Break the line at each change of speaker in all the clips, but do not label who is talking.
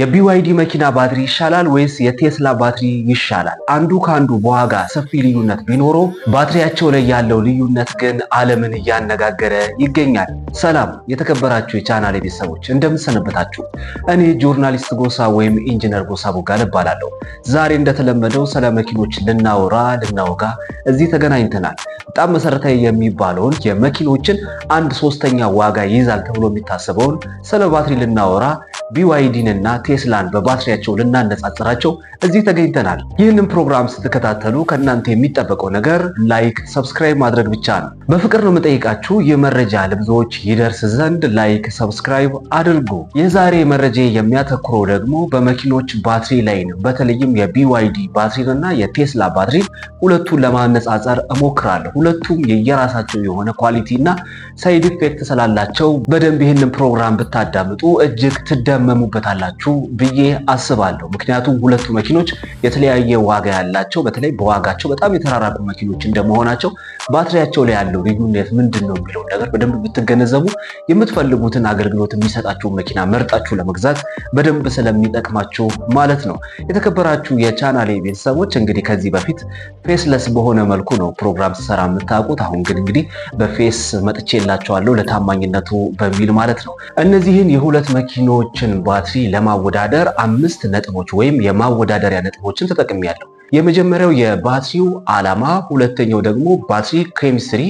የቢዋይዲ መኪና ባትሪ ይሻላል ወይስ የቴስላ ባትሪ ይሻላል? አንዱ ከአንዱ በዋጋ ሰፊ ልዩነት ቢኖረው ባትሪያቸው ላይ ያለው ልዩነት ግን ዓለምን እያነጋገረ ይገኛል። ሰላም የተከበራችሁ የቻናል ቤተሰቦች እንደምሰነበታችሁ። እኔ ጆርናሊስት ጎሳ ወይም ኢንጂነር ጎሳ ቦጋለ እባላለሁ። ዛሬ እንደተለመደው ስለ መኪኖች ልናወራ ልናወጋ እዚህ ተገናኝተናል። በጣም መሰረታዊ የሚባለውን የመኪኖችን አንድ ሶስተኛ ዋጋ ይይዛል ተብሎ የሚታሰበውን ስለ ባትሪ ልናወራ ቢዋይዲንና ቴስላን በባትሪያቸው ልናነጻጽራቸው እዚህ ተገኝተናል። ይህንን ፕሮግራም ስትከታተሉ ከእናንተ የሚጠበቀው ነገር ላይክ፣ ሰብስክራይብ ማድረግ ብቻ ነው። በፍቅር ነው የምጠይቃችሁ። የመረጃ ለብዙዎች ይደርስ ዘንድ ላይክ፣ ሰብስክራይብ አድርጉ። የዛሬ መረጃ የሚያተኩረው ደግሞ በመኪኖች ባትሪ ላይ ነው። በተለይም የቢዋይዲ እና የቴስላ ባትሪ ሁለቱን ለማነጻጸር እሞክራለሁ። ሁለቱም የየራሳቸው የሆነ ኳሊቲ እና ሳይድ ኢፌክት ስላላቸው በደንብ ይህንን ፕሮግራም ብታዳምጡ እጅግ ትደ ትቀመሙበታላችሁ ብዬ አስባለሁ። ምክንያቱም ሁለቱ መኪኖች የተለያየ ዋጋ ያላቸው በተለይ በዋጋቸው በጣም የተራራቁ መኪኖች እንደመሆናቸው ባትሪያቸው ላይ ያለው ልዩነት ምንድን ነው የሚለውን ነገር በደንብ ብትገነዘቡ የምትፈልጉትን አገልግሎት የሚሰጣችሁ መኪና መርጣችሁ ለመግዛት በደንብ ስለሚጠቅማችሁ ማለት ነው። የተከበራችሁ የቻናሌ ቤተሰቦች እንግዲህ ከዚህ በፊት ፌስለስ በሆነ መልኩ ነው ፕሮግራም ስሰራ የምታውቁት። አሁን ግን እንግዲህ በፌስ መጥቼላቸዋለሁ ለታማኝነቱ በሚል ማለት ነው። እነዚህን የሁለት መኪኖች ባትሪ ለማወዳደር አምስት ነጥቦች ወይም የማወዳደሪያ ነጥቦችን ተጠቅሜያለሁ። የመጀመሪያው የባትሪው ዓላማ፣ ሁለተኛው ደግሞ ባትሪ ኬሚስትሪ፣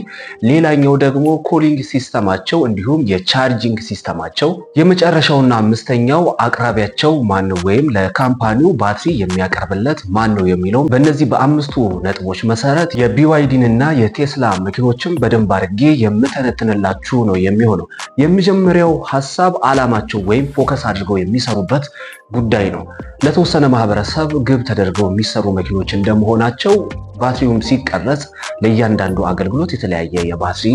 ሌላኛው ደግሞ ኮሊንግ ሲስተማቸው እንዲሁም የቻርጂንግ ሲስተማቸው፣ የመጨረሻውና አምስተኛው አቅራቢያቸው ነው ወይም ለካምፓኒው ባትሪ የሚያቀርብለት ማን ነው የሚለው። በእነዚህ በአምስቱ ነጥቦች መሰረት የቢዋይዲን እና የቴስላ መኪኖችን በደንብ አድርጌ የምተነትንላችሁ ነው የሚሆነው። የመጀመሪያው ሀሳብ ዓላማቸው ወይም ፎከስ አድርገው የሚሰሩበት ጉዳይ ነው። ለተወሰነ ማህበረሰብ ግብ ተደርገው የሚሰሩ መኪኖች እንደመሆናቸው ባትሪውም ሲቀረጽ ለእያንዳንዱ አገልግሎት የተለያየ የባትሪ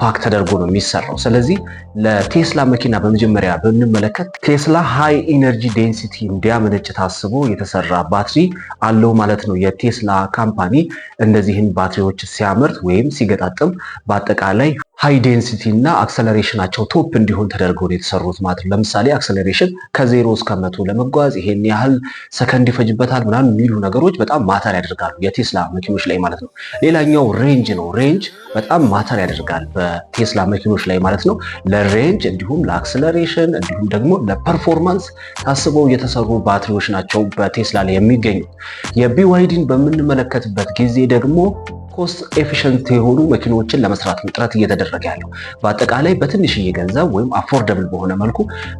ፓክ ተደርጎ ነው የሚሰራው። ስለዚህ ለቴስላ መኪና በመጀመሪያ ብንመለከት ቴስላ ሃይ ኢነርጂ ዴንሲቲ እንዲያመነጭ ታስቦ የተሰራ ባትሪ አለው ማለት ነው። የቴስላ ካምፓኒ እነዚህን ባትሪዎች ሲያመርት ወይም ሲገጣጥም በአጠቃላይ ሃይ ዴንሲቲ እና አክሰለሬሽናቸው ቶፕ እንዲሆን ተደርገው ነው የተሰሩት ማለት ነው። ለምሳሌ አክሰለሬሽን ከዜሮ እስከ መቶ ለመጓዝ ይሄን ያህል ሰከንድ ይፈጅበታል ምናምን የሚሉ ነገሮች በጣም ማተር ያደርጋሉ የቴስላ መኪኖች ላይ ማለት ነው። ሌላኛው ሬንጅ ነው። ሬንጅ በጣም ማተር ያደርጋል በቴስላ መኪኖች ላይ ማለት ነው። ለሬንጅ እንዲሁም ለአክሰለሬሽን እንዲሁም ደግሞ ለፐርፎርማንስ ታስበው የተሰሩ ባትሪዎች ናቸው በቴስላ ላይ የሚገኙ። የቢዋይዲን በምንመለከትበት ጊዜ ደግሞ ኮስት ኤፊሽንት የሆኑ መኪኖችን ለመስራት ነው ጥረት እየተደረገ ያለው። በአጠቃላይ በትንሽዬ ገንዘብ ወይም አፎርደብል በሆነ መልኩ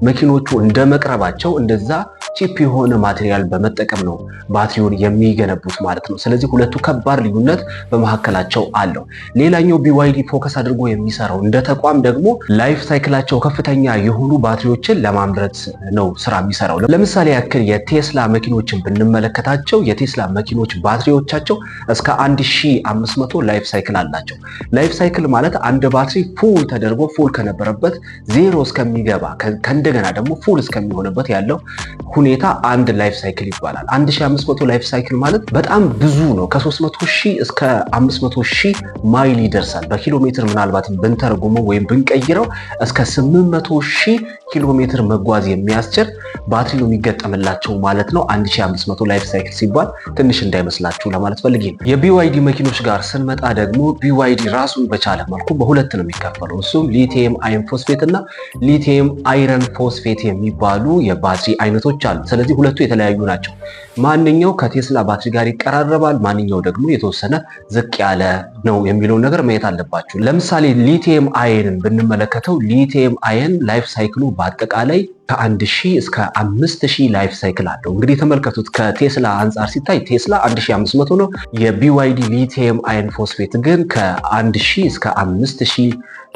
መኪኖቹ እንደመቅረባቸው እንደዛ ቺፕ የሆነ ማቴሪያል በመጠቀም ነው ባትሪውን የሚገነቡት ማለት ነው። ስለዚህ ሁለቱ ከባድ ልዩነት በመካከላቸው አለው። ሌላኛው ቢዋይዲ ፎከስ አድርጎ የሚሰራው እንደ ተቋም ደግሞ ላይፍ ሳይክላቸው ከፍተኛ የሆኑ ባትሪዎችን ለማምረት ነው ስራ የሚሰራው። ለምሳሌ ያክል የቴስላ መኪኖችን ብንመለከታቸው የቴስላ መኪኖች ባትሪዎቻቸው እስከ 1500 ላይፍ ሳይክል አላቸው። ላይፍ ሳይክል ማለት አንድ ባትሪ ፉል ተደርጎ ፉል ከነበረበት ዜሮ እስከሚገባ ከእንደገና ደግሞ ፉል እስከሚሆንበት ያለው ሁኔታ አንድ ላይፍ ሳይክል ይባላል። 1500 ላይፍ ሳይክል ማለት በጣም ብዙ ነው። ከ300 ሺህ እስከ 500 ሺህ ማይል ይደርሳል። በኪሎ ሜትር ምናልባት ብንተረጉመው ወይም ብንቀይረው እስከ 800 ሺህ ኪሎ ሜትር መጓዝ የሚያስችል ባትሪ ነው የሚገጠምላቸው ማለት ነው። 1500 ላይፍ ሳይክል ሲባል ትንሽ እንዳይመስላችሁ ለማለት ፈልጌ ነው። የቢዋይዲ መኪኖች ጋር ስንመጣ ደግሞ ቢዋይዲ ራሱን በቻለ መልኩ በሁለት ነው የሚከፈለው። እሱም ሊቲየም አይን ፎስፌት እና ሊቲየም አይረን ፎስፌት የሚባሉ የባትሪ አይነቶች አሉ። ይቀራል። ስለዚህ ሁለቱ የተለያዩ ናቸው። ማንኛው ከቴስላ ባትሪ ጋር ይቀራረባል፣ ማንኛው ደግሞ የተወሰነ ዝቅ ያለ ነው የሚለውን ነገር ማየት አለባችሁ። ለምሳሌ ሊቲየም አየንን ብንመለከተው ሊቲየም አየን ላይፍ ሳይክሉ በአጠቃላይ ከአንድ ሺህ እስከ አምስት ሺህ ላይፍ ሳይክል አለው። እንግዲህ ተመልከቱት ከቴስላ አንጻር ሲታይ ቴስላ 1500 ነው። የቢዋይዲ ሊቲየም አይን ፎስፌት ግን ከአንድ ሺህ እስከ አምስት ሺህ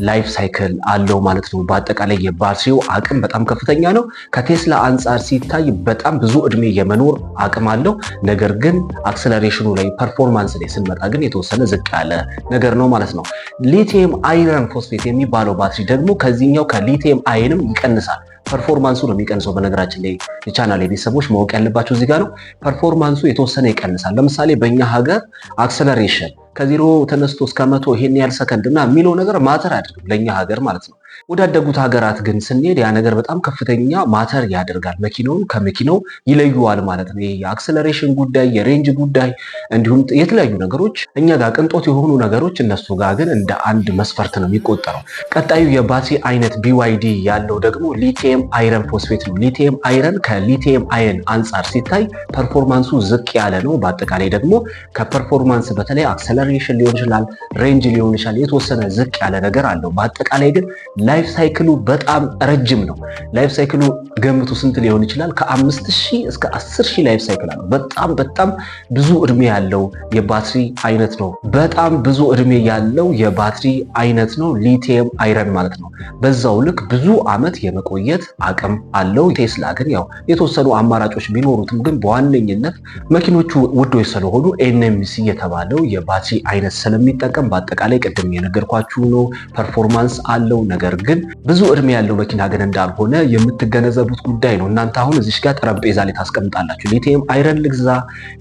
ላይፍ ሳይክል አለው ማለት ነው። በአጠቃላይ የባትሪው አቅም በጣም ከፍተኛ ነው። ከቴስላ አንጻር ሲታይ በጣም ብዙ እድሜ የመኖር አቅም አለው። ነገር ግን አክሰለሬሽኑ ላይ ፐርፎርማንስ ላይ ስንመጣ ግን የተወሰነ ዝቅ ያለ ነገር ነው ማለት ነው። ሊቲየም አይረን ፎስፌት የሚባለው ባትሪ ደግሞ ከዚህኛው ከሊቲየም አይንም ይቀንሳል። ፐርፎርማንሱ ነው የሚቀንሰው። በነገራችን ላይ የቻናል ቤተሰቦች ማወቅ ያለባቸው እዚህ ጋር ነው። ፐርፎርማንሱ የተወሰነ ይቀንሳል። ለምሳሌ በእኛ ሀገር አክሰለሬሽን ከዜሮ ተነስቶ እስከ መቶ ይሄን ያህል ሰከንድ እና የሚለው ነገር ማተር አይደለም ለእኛ ሀገር ማለት ነው። ወዳደጉት ሀገራት ግን ስንሄድ ያ ነገር በጣም ከፍተኛ ማተር ያደርጋል። መኪናውን ከመኪናው ይለዩዋል ማለት ነው። የአክሰለሬሽን ጉዳይ፣ የሬንጅ ጉዳይ እንዲሁም የተለያዩ ነገሮች እኛ ጋር ቅንጦት የሆኑ ነገሮች እነሱ ጋር ግን እንደ አንድ መስፈርት ነው የሚቆጠረው። ቀጣዩ የባትሪ አይነት ቢዋይዲ ያለው ደግሞ ሊቲየም አይረን ፎስፌት ነው። ሊቲየም አይረን ከሊቲየም አይን አንጻር ሲታይ ፐርፎርማንሱ ዝቅ ያለ ነው። በአጠቃላይ ደግሞ ከፐርፎርማንስ በተለይ አክሰለሬሽን ሊሆን ይችላል፣ ሬንጅ ሊሆን ይችላል፣ የተወሰነ ዝቅ ያለ ነገር አለው። በአጠቃላይ ግን ላይፍ ሳይክሉ በጣም ረጅም ነው። ላይፍ ሳይክሉ ገምቱ ስንት ሊሆን ይችላል? ከአምስት ሺህ እስከ አስር ሺህ ላይፍ ሳይክል አለው። በጣም በጣም ብዙ እድሜ ያለው የባትሪ አይነት ነው። በጣም ብዙ እድሜ ያለው የባትሪ አይነት ነው። ሊቲየም አይረን ማለት ነው። በዛው ልክ ብዙ አመት የመቆየት አቅም አለው። ቴስላ ግን ያው የተወሰኑ አማራጮች ቢኖሩትም ግን በዋነኝነት መኪኖቹ ውዶች ስለሆኑ ኤንኤምሲ የተባለው የባትሪ አይነት ስለሚጠቀም በአጠቃላይ ቅድም የነገርኳችሁ ነው ፐርፎርማንስ አለው ነገር የሚያስብ ግን ብዙ እድሜ ያለው መኪና ግን እንዳልሆነ የምትገነዘቡት ጉዳይ ነው። እናንተ አሁን እዚሽ ጋር ጠረጴዛ ላይ ታስቀምጣላችሁ። ሊቲየም አይረን ልግዛ፣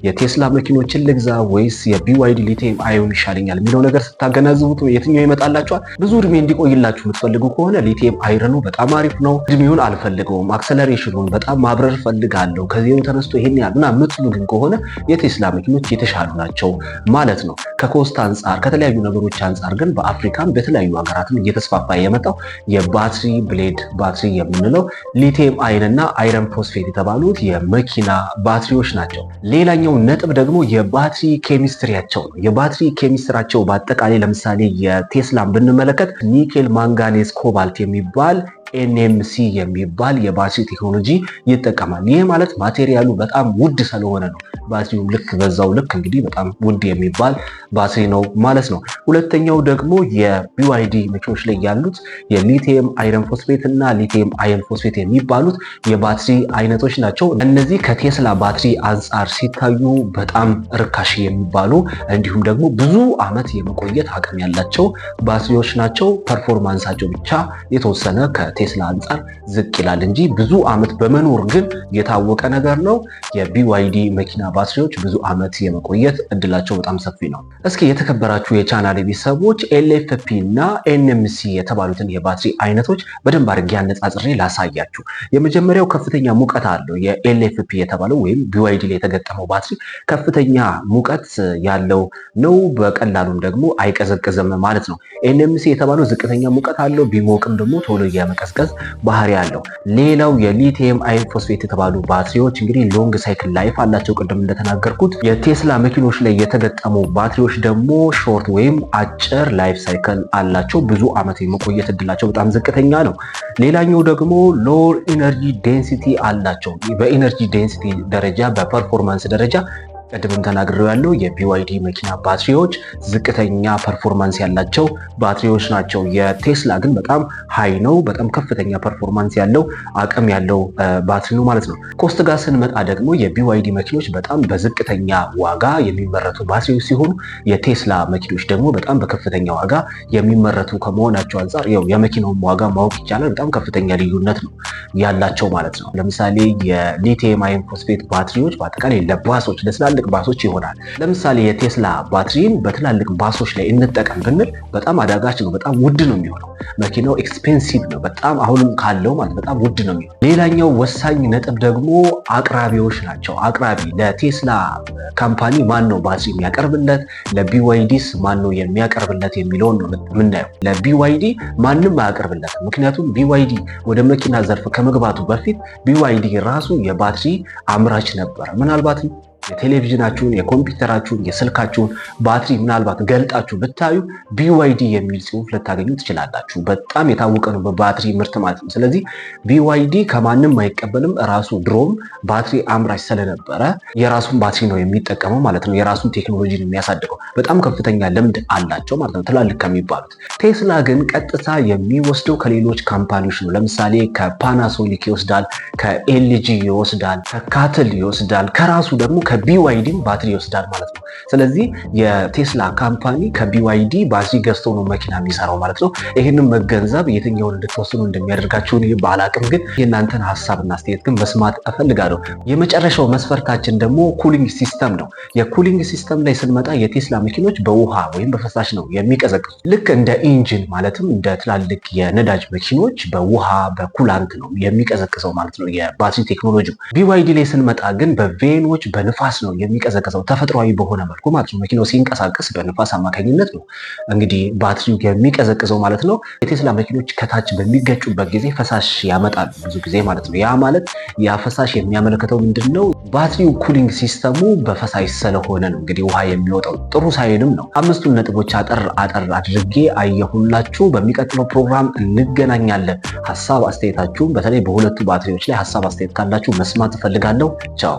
የቴስላ መኪኖችን ልግዛ ወይስ የቢዋይዲ ሊቲየም አዮን ይሻለኛል የሚለው ነገር ስታገናዝቡት የትኛው ይመጣላችኋል? ብዙ እድሜ እንዲቆይላችሁ የምትፈልጉ ከሆነ ሊቲየም አይረኑ በጣም አሪፍ ነው። እድሜውን አልፈልገውም፣ አክሰለሬሽኑን በጣም ማብረር ፈልጋለሁ፣ ከዜሮ ተነስቶ ይሄን ያህል ምናምን የምትሉ ግን ከሆነ የቴስላ መኪኖች የተሻሉ ናቸው ማለት ነው። ከኮስት አንጻር ከተለያዩ ነገሮች አንጻር ግን በአፍሪካም በተለያዩ ሀገራትም እየተስፋፋ የመጣው የባትሪ ብሌድ ባትሪ የምንለው ሊቲየም አይን እና አይረን ፎስፌት የተባሉት የመኪና ባትሪዎች ናቸው። ሌላኛው ነጥብ ደግሞ የባትሪ ኬሚስትሪያቸው ነው። የባትሪ ኬሚስትራቸው በአጠቃላይ ለምሳሌ የቴስላን ብንመለከት ኒኬል ማንጋኔስ ኮባልት የሚባል ኤንኤምሲ የሚባል የባሲ ቴክኖሎጂ ይጠቀማል። ይህ ማለት ማቴሪያሉ በጣም ውድ ስለሆነ ነው። ባሲው ልክ በዛው ልክ እንግዲህ በጣም ውድ የሚባል ባሲ ነው ማለት ነው። ሁለተኛው ደግሞ የቢዋይዲ መኪኖች ላይ ያሉት የሊቲየም አይረን ፎስፌት እና ሊቲየም አይረን ፎስፌት የሚባሉት የባትሪ አይነቶች ናቸው። እነዚህ ከቴስላ ባትሪ አንጻር ሲታዩ በጣም ርካሽ የሚባሉ እንዲሁም ደግሞ ብዙ ዓመት የመቆየት አቅም ያላቸው ባትሪዎች ናቸው። ፐርፎርማንሳቸው ብቻ የተወሰነ ከ ከቴስላ አንጻር ዝቅ ይላል እንጂ ብዙ ዓመት በመኖር ግን የታወቀ ነገር ነው። የቢዋይዲ መኪና ባትሪዎች ብዙ ዓመት የመቆየት እድላቸው በጣም ሰፊ ነው። እስኪ የተከበራችሁ የቻናል ቤተሰቦች ኤልኤፍፒ እና ኤንኤምሲ የተባሉትን የባትሪ አይነቶች በደንብ አድርጌ አነጻጽሬ ላሳያችሁ። የመጀመሪያው ከፍተኛ ሙቀት አለው። የኤልኤፍፒ የተባለው ወይም ቢዋይዲ ላይ የተገጠመው ባትሪ ከፍተኛ ሙቀት ያለው ነው። በቀላሉም ደግሞ አይቀዘቅዝም ማለት ነው። ኤንኤምሲ የተባለው ዝቅተኛ ሙቀት አለው። ቢሞቅም ደግሞ ቶሎ እያመቀ የማቀዝቀዝ ባህሪ አለው። ሌላው የሊቲየም አይን ፎስፌት የተባሉ ባትሪዎች እንግዲህ ሎንግ ሳይክል ላይፍ አላቸው። ቅድም እንደተናገርኩት የቴስላ መኪኖች ላይ የተገጠሙ ባትሪዎች ደግሞ ሾርት ወይም አጭር ላይፍ ሳይክል አላቸው። ብዙ ዓመት የመቆየት እድላቸው በጣም ዝቅተኛ ነው። ሌላኛው ደግሞ ሎር ኢነርጂ ዴንሲቲ አላቸው። በኢነርጂ ዴንሲቲ ደረጃ በፐርፎርማንስ ደረጃ ቅድምም ተናግሬው ያለው የቢዋይዲ መኪና ባትሪዎች ዝቅተኛ ፐርፎርማንስ ያላቸው ባትሪዎች ናቸው። የቴስላ ግን በጣም ሀይ ነው፣ በጣም ከፍተኛ ፐርፎርማንስ ያለው አቅም ያለው ባትሪ ነው ማለት ነው። ኮስት ጋር ስንመጣ ደግሞ የቢዋይዲ መኪኖች በጣም በዝቅተኛ ዋጋ የሚመረቱ ባትሪዎች ሲሆኑ የቴስላ መኪኖች ደግሞ በጣም በከፍተኛ ዋጋ የሚመረቱ ከመሆናቸው አንጻር ያው የመኪናውን ዋጋ ማወቅ ይቻላል። በጣም ከፍተኛ ልዩነት ነው ያላቸው ማለት ነው። ለምሳሌ የሊቲየም አየን ፎስፌት ባትሪዎች በአጠቃላይ ለባሶች ለስላ ትላልቅ ባሶች ይሆናል። ለምሳሌ የቴስላ ባትሪን በትላልቅ ባሶች ላይ እንጠቀም ብንል በጣም አዳጋች ነው፣ በጣም ውድ ነው የሚሆነው። መኪናው ኤክስፔንሲቭ ነው፣ በጣም አሁንም ካለው ማለት በጣም ውድ ነው የሚሆነው። ሌላኛው ወሳኝ ነጥብ ደግሞ አቅራቢዎች ናቸው። አቅራቢ ለቴስላ ካምፓኒ ማን ነው ባትሪ የሚያቀርብለት፣ ለቢዋይዲስ ማን ነው የሚያቀርብለት የሚለውን ነው የምናየው። ለቢዋይዲ ማንም አያቀርብለት፣ ምክንያቱም ቢዋይዲ ወደ መኪና ዘርፍ ከመግባቱ በፊት ቢዋይዲ ራሱ የባትሪ አምራች ነበር። ምናልባትም የቴሌቪዥናችሁን፣ የኮምፒውተራችሁን፣ የስልካችሁን ባትሪ ምናልባት ገልጣችሁ ብታዩ ቢዋይዲ የሚል ጽሁፍ ልታገኙ ትችላላችሁ። በጣም የታወቀ ነው በባትሪ ምርት ማለት ነው። ስለዚህ ቢዋይዲ ከማንም አይቀበልም። ራሱ ድሮም ባትሪ አምራች ስለነበረ የራሱን ባትሪ ነው የሚጠቀመው ማለት ነው። የራሱን ቴክኖሎጂ ነው የሚያሳድገው። በጣም ከፍተኛ ልምድ አላቸው ማለት ነው፣ ትላልቅ ከሚባሉት። ቴስላ ግን ቀጥታ የሚወስደው ከሌሎች ካምፓኒዎች ነው። ለምሳሌ ከፓናሶኒክ ይወስዳል፣ ከኤልጂ ይወስዳል፣ ከካትል ይወስዳል፣ ከራሱ ደግሞ ከቢዋይዲም ባትሪ ይወስዳል ማለት ነው። ስለዚህ የቴስላ ካምፓኒ ከቢዋይዲ ባትሪ ገዝቶ ነው መኪና የሚሰራው ማለት ነው። ይህንም መገንዘብ የትኛውን እንድትወስኑ እንደሚያደርጋችሁን ይህ ባላቅም፣ ግን የእናንተን ሀሳብና አስተያየት ግን መስማት እፈልጋለሁ። የመጨረሻው መስፈርታችን ደግሞ ኩሊንግ ሲስተም ነው። የኩሊንግ ሲስተም ላይ ስንመጣ የቴስላ መኪኖች በውሃ ወይም በፈሳሽ ነው የሚቀዘቅዙ። ልክ እንደ ኢንጂን ማለትም እንደ ትላልቅ የነዳጅ መኪኖች በውሃ በኩላንት ነው የሚቀዘቅዘው ማለት ነው የባትሪ ቴክኖሎጂ። ቢዋይዲ ላይ ስንመጣ ግን በቬኖች በንፋስ ነው የሚቀዘቅዘው ተፈጥሯዊ በሆነ መልኩ ማለት ነው። መኪናው ሲንቀሳቀስ በንፋስ አማካኝነት ነው እንግዲህ ባትሪው የሚቀዘቅዘው ማለት ነው። የቴስላ መኪኖች ከታች በሚገጩበት ጊዜ ፈሳሽ ያመጣሉ ብዙ ጊዜ ማለት ነው። ያ ማለት ያ ፈሳሽ የሚያመለክተው ምንድን ነው? ባትሪው ኩሊንግ ሲስተሙ በፈሳሽ ስለሆነ ነው እንግዲህ ውሃ የሚወጣው። ጥሩ ሳይንም ነው። አምስቱን ነጥቦች አጠር አጠር አድርጌ አየሁላችሁ። በሚቀጥለው ፕሮግራም እንገናኛለን። ሀሳብ አስተያየታችሁም በተለይ በሁለቱ ባትሪዎች ላይ ሀሳብ አስተያየት ካላችሁ መስማት እፈልጋለሁ። ቻው